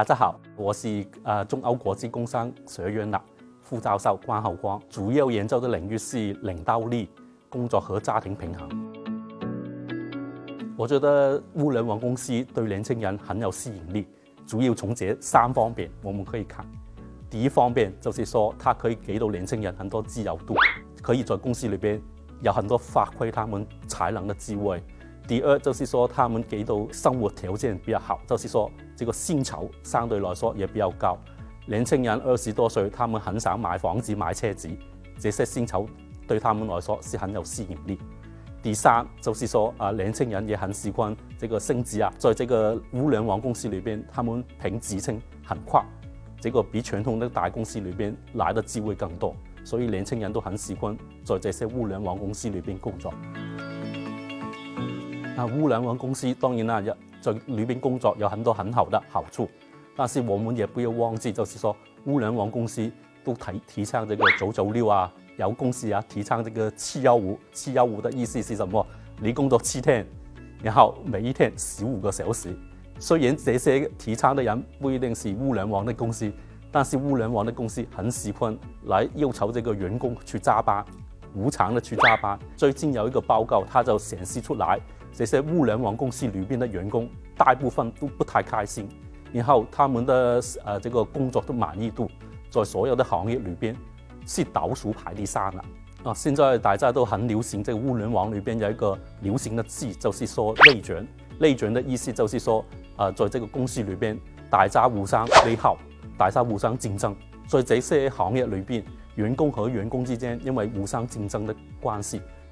大家好，我是呃中歐國際工商學院的副教授關浩光，主要研究嘅領域是領導力、工作和家庭平衡。我覺得互聯網公司對年輕人很有吸引力，主要從這三方面，我們可以看。第一方面就是說，它可以給到年輕人很多自由度，可以在公司裏邊有很多發揮他們才能嘅機會。第二就是說，他們給到生活條件比較好，就是說這個薪酬相對來說也比較高。年輕人二十多歲，他們很想買房子、買車子，這些薪酬對他們來說是很有吸引力。第三就是說，啊，年輕人也很喜歡這個升職啊，在這個互聯網公司裏邊，他們評職稱很快，這個比傳統的大公司裏邊來的機會更多，所以年輕人都很喜歡在這些互聯網公司裏邊工作。啊，互聯網公司當然啦，在裏邊工作有很多很好的好處，但是我們也不要忘記，就是說互聯網公司都提提倡這個九九六啊，有公司啊提倡這個七幺五，七幺五的意思是什麼？你工作七天，然後每一天十五個小時。雖然這些提倡的人不一定是互聯網的公司，但是互聯網的公司很喜歡來要求這個員工去加班，無償的去加班。最近有一個報告，它就顯示出來。這些互聯網公司裏邊的員工大部分都不太開心，然後他們的誒、呃、這個工作的滿意度，在所有的行業裏邊是倒數排第三了啊，現在大家都很流行，這個互聯網裏邊有一個流行的字，就是說內卷。內卷的意思就是說，呃、在這個公司裏邊，大家互相內耗，大家互相競爭。所以這些行業裏邊，員工和員工之間因為互相競爭的關係。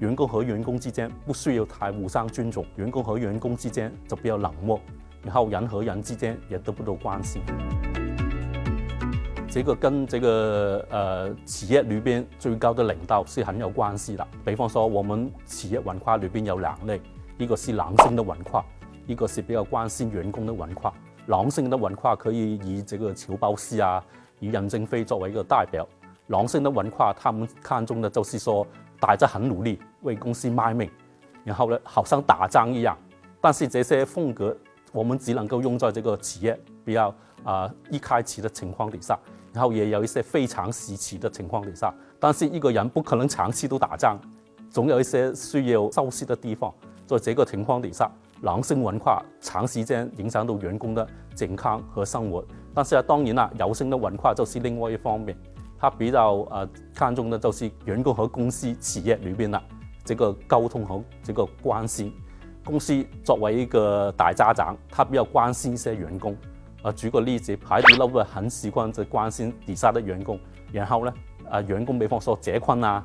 員工和員工之間不需要太互相尊重，員工和員工之間就比較冷漠，然後人和人之間也得不到關心。這個跟這個、呃、企業裏邊最高的領導是很有關係的，比方說，我們企業文化裏邊有兩類，一個是狼性的文化，一個是比較關心員工的文化。狼性的文化可以以這個喬布斯啊，以任正非作為一個代表。狼性的文化，他們看中嘅就是說大家很努力，為公司賣命，然後呢，好像打仗一樣。但是這些風格，我們只能夠用在這個企業比較啊、呃、一開始的情況底下，然後也有一些非常時期的情況底下。但是一個人不可能長期都打仗，總有一些需要休息的地方。在這個情況底下，狼性文化長時間影響到員工的健康和生活。但是當然啦，柔性的文化就是另外一方面，他比較呃看重的就是員工和公司企業裏邊啦這個溝通好，這個關心公司作為一個大家長，他比較關心一些員工。啊，舉個例子，海底撈會很喜歡就關心底下的員工。然後呢，啊員工比方說結婚啊，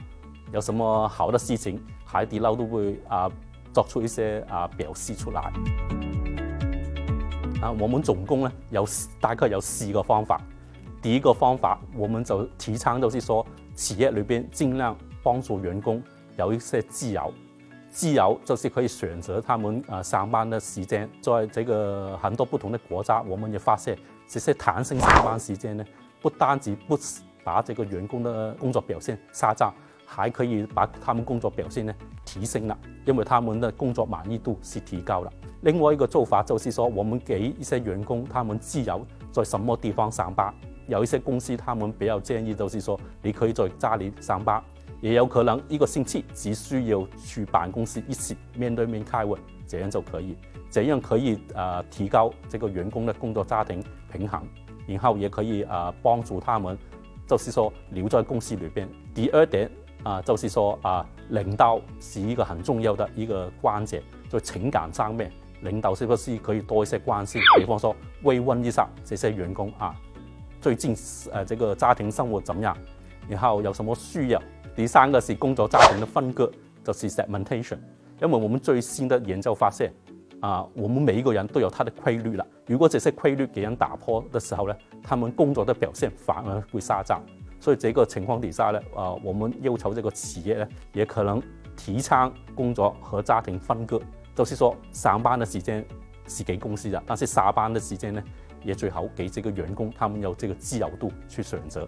有什麼好的事情，海底撈都會啊作出一些啊表示出來啊，我們總共呢，有大概有四個方法。第一個方法，我們就提倡就是說企業裏邊盡量幫助員工。有一些自由，自由就是可以選擇他們啊上班的時間。在這個很多不同的國家，我們也發現這些彈性上班時間呢，不單止不把這個員工的工作表現下降，還可以把他們工作表現呢提升了，因為他們的工作滿意度是提高了。另外一個做法就是說，我們給一些員工他們自由在什麼地方上班。有一些公司他們比較建議就是說，你可以在家裏上班。也有可能一個星期只需要去辦公室一次面對面開會，這樣就可以，這樣可以啊、呃、提高這個員工的工作家庭平衡，然後也可以啊幫、呃、助他們，就是說留在公司裏邊。第二點啊、呃，就是說啊、呃、領導是一個很重要的一個關節，在、就是、情感上面，領導是不是可以多一些關心，比方說慰問一下這些員工啊，最近呃這個家庭生活怎麼樣，然後有什麼需要？第三個是工作家庭的分割，就是 segmentation。因為我們最新的研究發現，啊，我們每一個人都有他的規律啦。如果這些規律被人打破的時候呢，他們工作的表現反而會下降。所以這個情況底下呢，啊，我們要求這個企業呢，也可能提倡工作和家庭分割，就是說上班的時間是給公司的，但是下班的時間呢，也最好給這個員工，他們有這個自由度去選擇。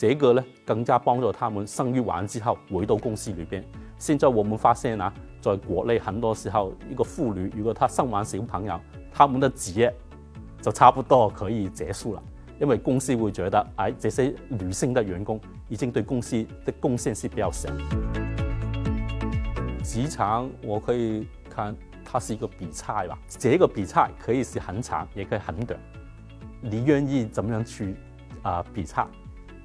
這個呢，更加幫助他們生育完之後回到公司裏邊。現在我們發現啊，在國內很多時候，一個婦女如果她生完小朋友，她們的職業就差不多可以結束了，因為公司會覺得唉、哎，這些女性的員工已經對公司的貢獻是比較少。職場我可以看它是一個比賽吧，這個比賽可以是很長，也可以很短，你願意怎麼樣去啊比賽？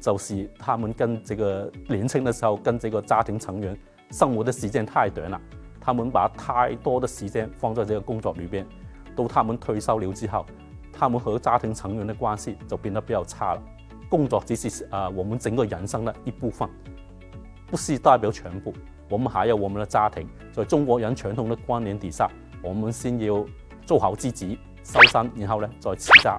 就是他們跟這個年輕的時候跟這個家庭成員生活的時間太短了。他們把太多的時間放在這個工作裏邊，到他們退休了之後，他們和家庭成員的關係就變得比較差了。工作只是啊，我們整個人生的一部分，不是代表全部。我們還有我們的家庭。在中國人傳統的觀念底下，我們先要做好自己，修身，然後呢，再持家。